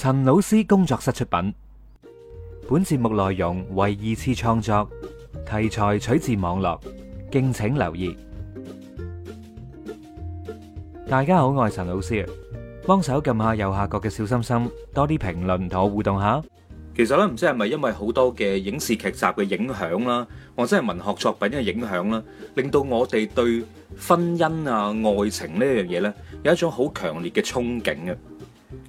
陳老師工作室出品，本節目內容為二次創作，題材取自網絡，敬請留意。大家好，我係陳老師啊，幫手撳下右下角嘅小心心，多啲評論同我互動下。其實咧，唔知係咪因為好多嘅影視劇集嘅影響啦，或者係文學作品嘅影響啦，令到我哋對婚姻啊、愛情呢樣嘢呢，有一種好強烈嘅憧憬嘅。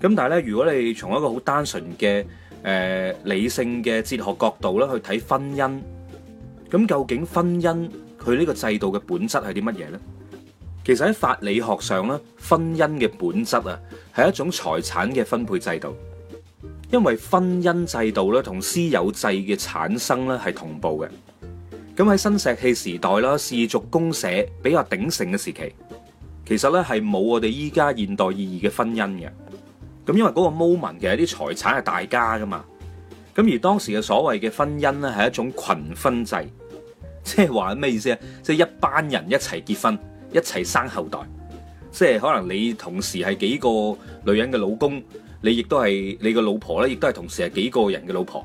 咁但係咧，如果你從一個好單純嘅誒、呃、理性嘅哲學角度咧，去睇婚姻，咁究竟婚姻佢呢個制度嘅本質係啲乜嘢呢？其實喺法理學上咧，婚姻嘅本質啊，係一種財產嘅分配制度，因為婚姻制度咧同私有制嘅產生咧係同步嘅。咁喺新石器時代啦，氏族公社比較鼎盛嘅時期，其實咧係冇我哋依家現代意義嘅婚姻嘅。咁因為嗰個 moment 其實啲財產係大家噶嘛，咁而當時嘅所謂嘅婚姻咧係一種群婚制，即係話咩意思啊？即係一班人一齊結婚，一齊生後代，即係可能你同時係幾個女人嘅老公，你亦都係你個老婆咧，亦都係同時係幾個人嘅老婆。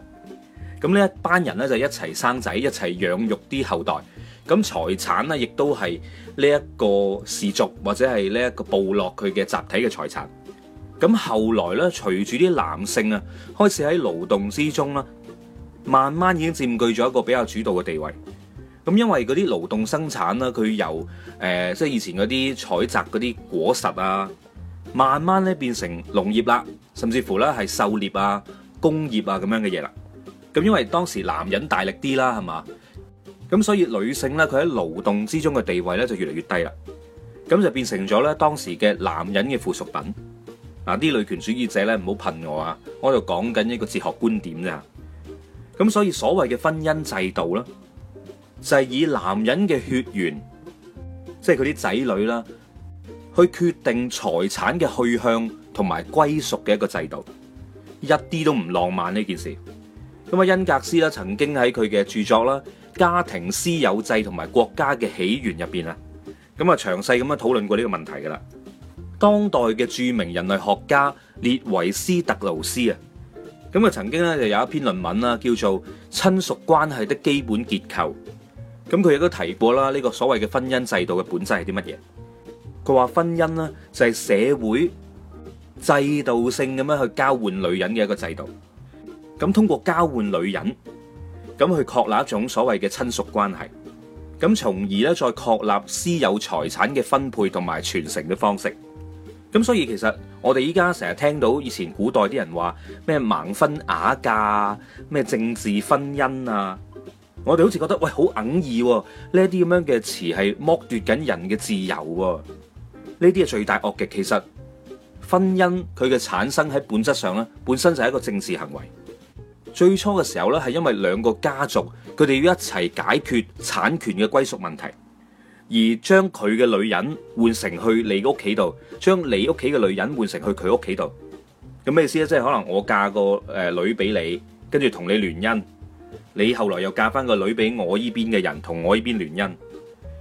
咁呢一班人咧就一齊生仔，一齊養育啲後代，咁財產咧亦都係呢一個氏族或者係呢一個部落佢嘅集體嘅財產。咁後來咧，隨住啲男性啊，開始喺勞動之中咧，慢慢已經佔據咗一個比較主導嘅地位。咁因為嗰啲勞動生產啦，佢由誒、呃、即係以前嗰啲採摘嗰啲果實啊，慢慢咧變成農業啦，甚至乎咧係狩獵啊、工業啊咁樣嘅嘢啦。咁因為當時男人大力啲啦，係嘛，咁所以女性咧佢喺勞動之中嘅地位咧就越嚟越低啦。咁就變成咗咧當時嘅男人嘅附屬品。嗱，啲女權主義者咧唔好噴我啊！我就講緊一個哲學觀點咋，咁所以所謂嘅婚姻制度啦，就係以男人嘅血緣，即係佢啲仔女啦，去決定財產嘅去向同埋歸屬嘅一個制度，一啲都唔浪漫呢件事。咁啊，恩格斯啦曾經喺佢嘅著作啦《家庭私有制同埋國家嘅起源》入邊啊，咁啊詳細咁樣討論過呢個問題噶啦。當代嘅著名人類學家列維斯特勞斯啊，咁啊曾經咧就有一篇論文啦，叫做《親屬關係的基本結構》。咁佢亦都提過啦，呢個所謂嘅婚姻制度嘅本質係啲乜嘢？佢話婚姻呢，就係社會制度性咁樣去交換女人嘅一個制度。咁通過交換女人，咁去確立一種所謂嘅親屬關係，咁從而咧再確立私有財產嘅分配同埋傳承嘅方式。咁所以其實我哋依家成日聽到以前古代啲人話咩盲婚啞嫁啊，咩政治婚姻啊，我哋好似覺得喂好硬意喎、哦，呢啲咁樣嘅詞係剝奪緊人嘅自由喎、哦，呢啲係最大惡極。其實婚姻佢嘅產生喺本質上咧，本身就係一個政治行為。最初嘅時候咧，係因為兩個家族佢哋要一齊解決產權嘅歸屬問題。而將佢嘅女人換成去你屋企度，將你屋企嘅女人換成去佢屋企度，咁咩意思咧？即係可能我嫁個誒女俾你，跟住同你聯姻，你後來又嫁翻個女俾我依邊嘅人，同我依邊聯姻，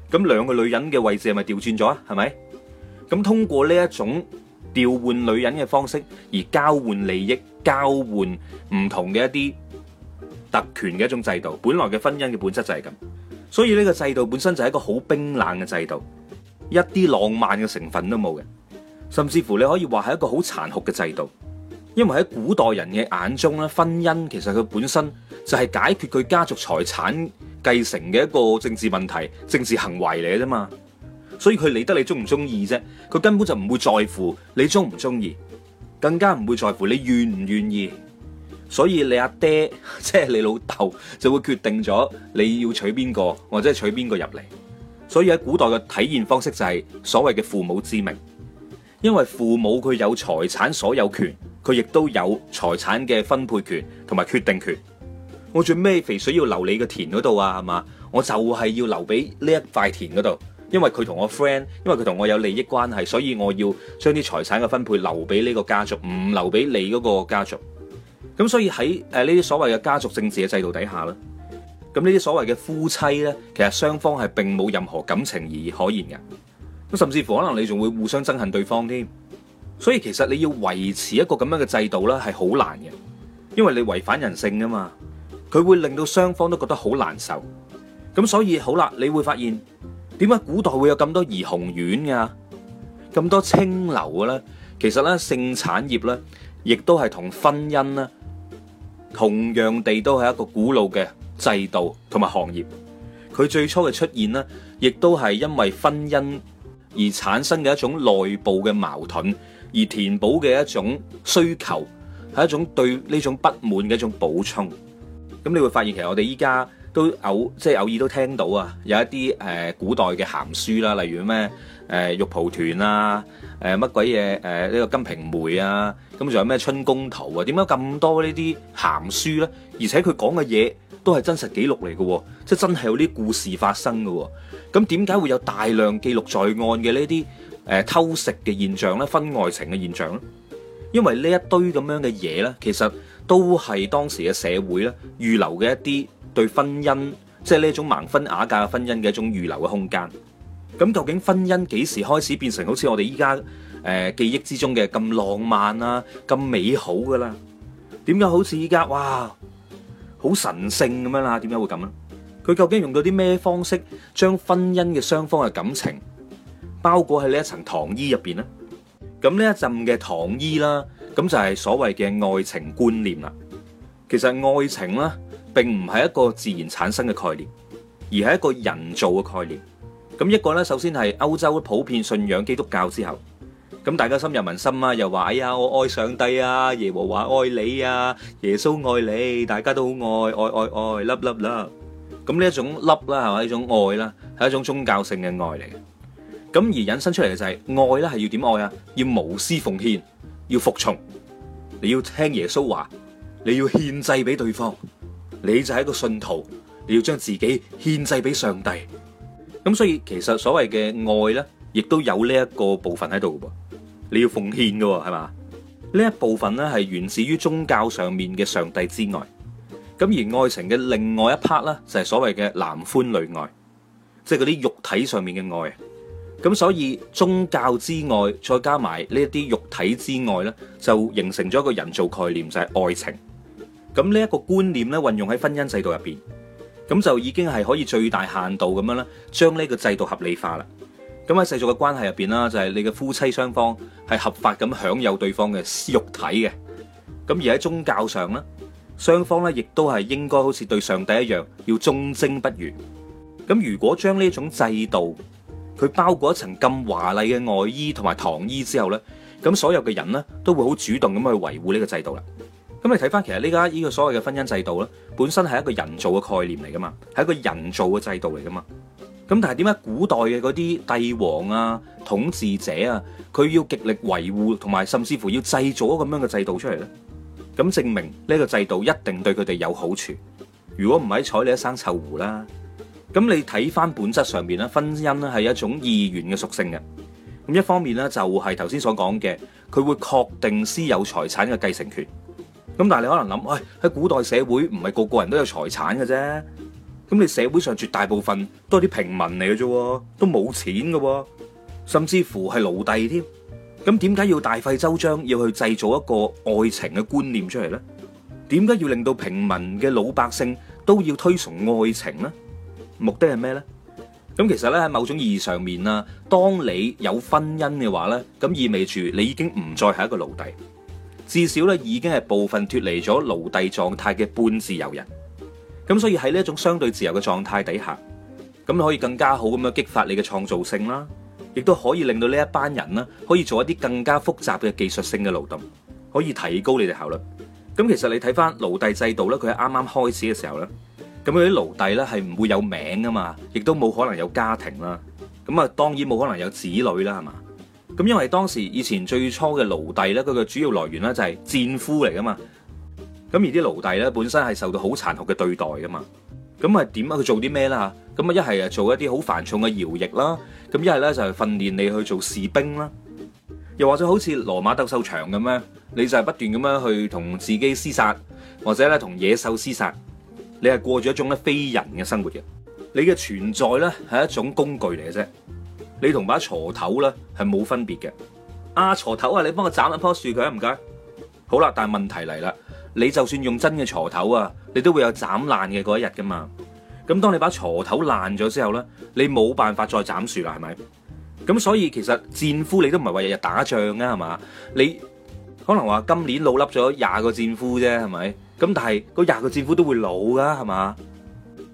咁兩個女人嘅位置係咪調轉咗啊？係咪？咁通過呢一種調換女人嘅方式而交換利益、交換唔同嘅一啲特權嘅一種制度，本來嘅婚姻嘅本質就係咁。所以呢個制度本身就係一個好冰冷嘅制度，一啲浪漫嘅成分都冇嘅，甚至乎你可以話係一個好殘酷嘅制度。因為喺古代人嘅眼中咧，婚姻其實佢本身就係解決佢家族財產繼承嘅一個政治問題、政治行為嚟嘅啫嘛。所以佢理得你中唔中意啫，佢根本就唔會在乎你中唔中意，更加唔會在乎你願唔願意。所以你阿爹即係你老豆，就會決定咗你要娶邊個或者係娶邊個入嚟。所以喺古代嘅體驗方式就係所謂嘅父母之命。因為父母佢有財產所有權，佢亦都有財產嘅分配權同埋決定權。我最尾肥水要留你嘅田嗰度啊，係嘛？我就係要留俾呢一塊田嗰度，因為佢同我 friend，因為佢同我有利益關係，所以我要將啲財產嘅分配留俾呢個家族，唔留俾你嗰個家族。咁所以喺呢啲所謂嘅家族政治嘅制度底下咧，咁呢啲所謂嘅夫妻咧，其實雙方係並冇任何感情而可言嘅，咁甚至乎可能你仲會互相憎恨對方添。所以其實你要維持一個咁樣嘅制度咧，係好難嘅，因為你違反人性噶嘛，佢會令到雙方都覺得好難受。咁所以好啦，你會發現點解古代會有咁多怡紅院㗎，啊，咁多青樓㗎咧？其實咧，性產業咧，亦都係同婚姻啦。同樣地都係一個古老嘅制度同埋行業，佢最初嘅出現呢，亦都係因為婚姻而產生嘅一種內部嘅矛盾，而填補嘅一種需求，係一種對呢種不滿嘅一種補充。咁你會發現其實我哋依家都偶即係、就是、偶爾都聽到啊，有一啲誒古代嘅鹹書啦，例如咩？誒、呃、玉蒲團啊，誒乜鬼嘢？誒呢、呃這個《金瓶梅》啊，咁、嗯、仲有咩《春宮圖》啊？點解咁多鹹呢啲鹹書咧？而且佢講嘅嘢都係真實記錄嚟嘅，即係真係有啲故事發生嘅、哦。咁點解會有大量記錄在案嘅呢啲誒偷食嘅現象咧、婚外情嘅現象咧？因為呢一堆咁樣嘅嘢咧，其實都係當時嘅社會咧預留嘅一啲對婚姻，即係呢種盲婚啞嫁嘅婚姻嘅一種預留嘅空間。咁究竟婚姻幾時開始變成好似我哋依家誒記憶之中嘅咁浪漫呀、咁美好噶啦？點解好似依家哇好神聖咁樣啦？點解會咁啊？佢究竟用到啲咩方式將婚姻嘅雙方嘅感情包裹喺呢一層糖衣入邊咧？咁呢一浸嘅糖衣啦，咁就係所謂嘅愛情觀念啦。其實愛情啦，並唔係一個自然產生嘅概念，而係一個人造嘅概念。咁一個咧，首先係歐洲普遍信仰基督教之後，咁大家深入民心啊，又話哎呀，我愛上帝啊，耶和華愛你啊，耶穌愛你，大家都好愛愛愛愛，love love love。咁呢一種 love 啦，係咪呢種愛啦，係一種宗教性嘅愛嚟嘅。咁而引申出嚟嘅就係愛咧，係要點愛啊？要無私奉獻，要服從，你要聽耶穌話，你要獻祭俾對方，你就係一個信徒，你要將自己獻祭俾上帝。咁所以，其實所謂嘅愛咧，亦都有呢一個部分喺度嘅噃，你要奉獻嘅喎，係嘛？呢一部分咧係源自於宗教上面嘅上帝之愛。咁而愛情嘅另外一 part 咧，就係所謂嘅男歡女愛，即係嗰啲肉體上面嘅愛。咁所以宗教之愛，再加埋呢一啲肉體之愛咧，就形成咗一個人造概念，就係愛情。咁呢一個觀念咧，運用喺婚姻制度入邊。咁就已經係可以最大限度咁樣啦將呢個制度合理化啦。咁喺世俗嘅關係入面啦，就係你嘅夫妻雙方係合法咁享有對方嘅肉體嘅。咁而喺宗教上咧，雙方咧亦都係應該好似對上帝一樣，要忠貞不渝。咁如果將呢種制度，佢包裹一層咁華麗嘅外衣同埋糖衣之後咧，咁所有嘅人呢，都會好主動咁去維護呢個制度啦。咁你睇翻，其實呢家呢個所謂嘅婚姻制度咧，本身係一個人造嘅概念嚟噶嘛，係一個人造嘅制度嚟噶嘛。咁但係點解古代嘅嗰啲帝王啊、統治者啊，佢要極力維護同埋，甚至乎要製造咗咁樣嘅制度出嚟咧？咁證明呢個制度一定對佢哋有好處。如果唔係，睬你一生臭狐啦。咁你睇翻本質上面咧，婚姻咧係一種意願嘅屬性嘅。咁一方面咧，就係頭先所講嘅，佢會確定私有財產嘅繼承權。咁但係你可能諗，喂、哎、喺古代社會唔係個個人都有財產嘅啫，咁你社會上絕大部分都係啲平民嚟嘅啫，都冇錢嘅，甚至乎係奴隸添。咁點解要大費周章要去製造一個愛情嘅觀念出嚟呢？點解要令到平民嘅老百姓都要推崇愛情呢？目的係咩呢？咁其實呢，喺某種意義上面啊，當你有婚姻嘅話呢，咁意味住你已經唔再係一個奴隸。至少咧已經係部分脫離咗奴隸狀態嘅半自由人，咁所以喺呢一種相對自由嘅狀態底下，咁你可以更加好咁樣激發你嘅創造性啦，亦都可以令到呢一班人啦可以做一啲更加複雜嘅技術性嘅勞動，可以提高你哋效率。咁其實你睇翻奴隸制度咧，佢係啱啱開始嘅時候咧，咁佢啲奴隸咧係唔會有名㗎嘛，亦都冇可能有家庭啦，咁啊當然冇可能有子女啦，係嘛？咁因為當時以前最初嘅奴隸咧，佢嘅主要來源咧就係戰俘嚟噶嘛。咁而啲奴隸咧本身係受到好殘酷嘅對待噶嘛。咁啊點啊佢做啲咩啦吓？咁啊一係啊做一啲好繁重嘅徭役啦。咁一係咧就訓練你去做士兵啦。又或者好似羅馬鬥獸場咁咧，你就係不斷咁樣去同自己廝殺，或者咧同野獸廝殺。你係過住一種咧非人嘅生活嘅。你嘅存在咧係一種工具嚟嘅啫。你同把鋤頭咧係冇分別嘅，啊鋤頭啊，頭你幫我斬一樖樹佢啊唔該，好啦，但係問題嚟啦，你就算用真嘅鋤頭啊，你都會有斬爛嘅嗰一日噶嘛。咁當你把鋤頭爛咗之後咧，你冇辦法再斬樹啦，係咪？咁所以其實戰俘你都唔係話日日打仗啊，係嘛？你可能話今年老笠咗廿個戰俘啫，係咪？咁但係個廿個戰俘都會老噶，係嘛？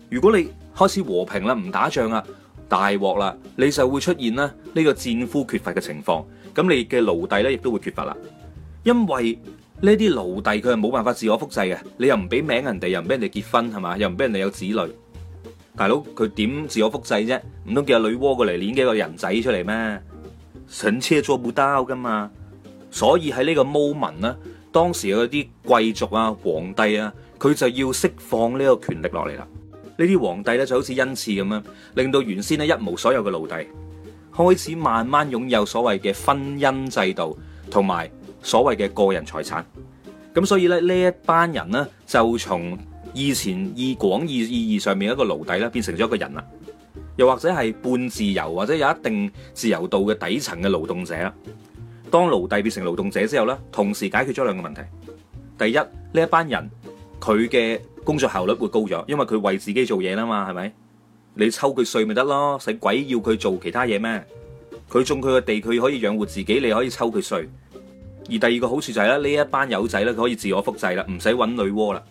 如果你開始和平啦，唔打仗啊。大鑊啦，你就會出現呢個戰俘缺乏嘅情況，咁你嘅奴隸咧亦都會缺乏啦，因為呢啲奴隸佢係冇辦法自我複製嘅，你又唔俾名人哋，又唔俾人哋結婚係嘛，又唔俾人哋有子女，大佬佢點自我複製啫？唔通叫阿女媧過嚟捻幾個人仔出嚟咩？上車做布刀噶嘛？所以喺呢個 moment 呢，當時有啲貴族啊、皇帝啊，佢就要釋放呢個權力落嚟啦。呢啲皇帝咧就好似恩賜咁樣，令到原先咧一無所有嘅奴隸開始慢慢擁有所謂嘅婚姻制度，同埋所謂嘅個人財產。咁所以咧，呢一班人呢就從以前以廣義意義上面一個奴隸咧變成咗一個人啦，又或者係半自由或者有一定自由度嘅底層嘅勞動者。當奴隸變成勞動者之後呢，同時解決咗兩個問題。第一，呢一班人佢嘅。他的工作效率會高咗，因為佢為自己做嘢啦嘛，係咪？你抽佢稅咪得咯，使鬼要佢做其他嘢咩？佢種佢個地，佢可以養活自己，你可以抽佢稅。而第二個好處就係咧，呢一班友仔咧佢可以自我複製啦，唔使揾女媧啦。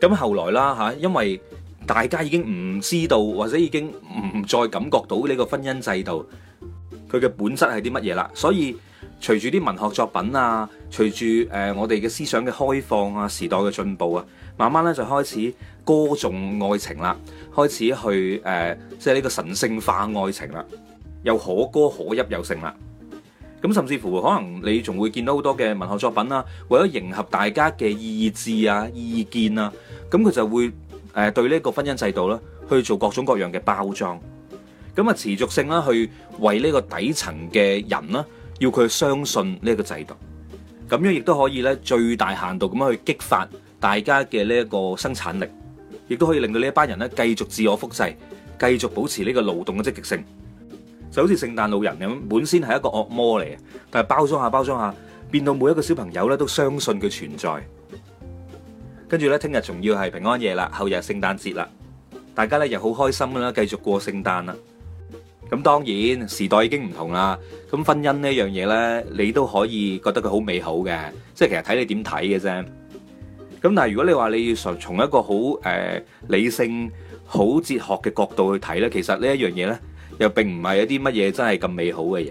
咁後來啦嚇，因為大家已經唔知道或者已經唔再感覺到呢個婚姻制度佢嘅本質係啲乜嘢啦，所以。隨住啲文學作品啊，隨住誒我哋嘅思想嘅開放啊，時代嘅進步啊，慢慢咧就開始歌頌愛情啦，開始去誒即係呢個神聖化愛情啦，又可歌可泣又成啦。咁甚至乎可能你仲會見到好多嘅文學作品啊，為咗迎合大家嘅意志啊、意見啊，咁佢就會誒對呢個婚姻制度啦去做各種各樣嘅包裝，咁啊持續性啦去為呢個底層嘅人啦。要佢相信呢一個制度，咁樣亦都可以咧，最大限度咁樣去激發大家嘅呢一個生產力，亦都可以令到呢一班人咧繼續自我複製，繼續保持呢個勞動嘅積極性。就好似聖誕老人咁，本身係一個惡魔嚟，但係包裝下包裝下，變到每一個小朋友咧都相信佢存在。跟住咧，聽日仲要係平安夜啦，後日聖誕節啦，大家咧又好開心啦，繼續過聖誕啦。咁當然時代已經唔同啦。咁婚姻呢樣嘢咧，你都可以覺得佢好美好嘅，即係其實睇你點睇嘅啫。咁但係如果你話你要純從一個好誒理性、好哲學嘅角度去睇咧，其實呢一樣嘢咧又並唔係一啲乜嘢真係咁美好嘅嘢。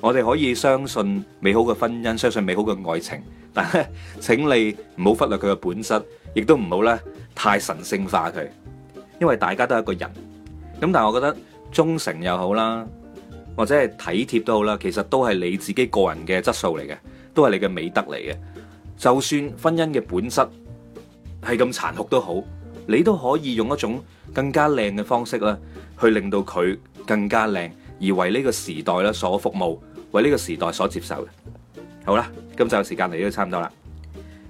我哋可以相信美好嘅婚姻，相信美好嘅愛情，但係請你唔好忽略佢嘅本質，亦都唔好咧太神聖化佢，因為大家都係一個人。咁但係我覺得。忠誠又好啦，或者係體貼都好啦，其實都係你自己個人嘅質素嚟嘅，都係你嘅美德嚟嘅。就算婚姻嘅本質係咁殘酷都好，你都可以用一種更加靚嘅方式啦，去令到佢更加靚，而為呢個時代啦所服務，為呢個時代所接受嘅。好啦，今集時間嚟到差唔多啦。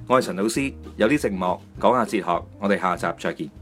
我係陳老師，有啲寂寞，講下哲學，我哋下集再見。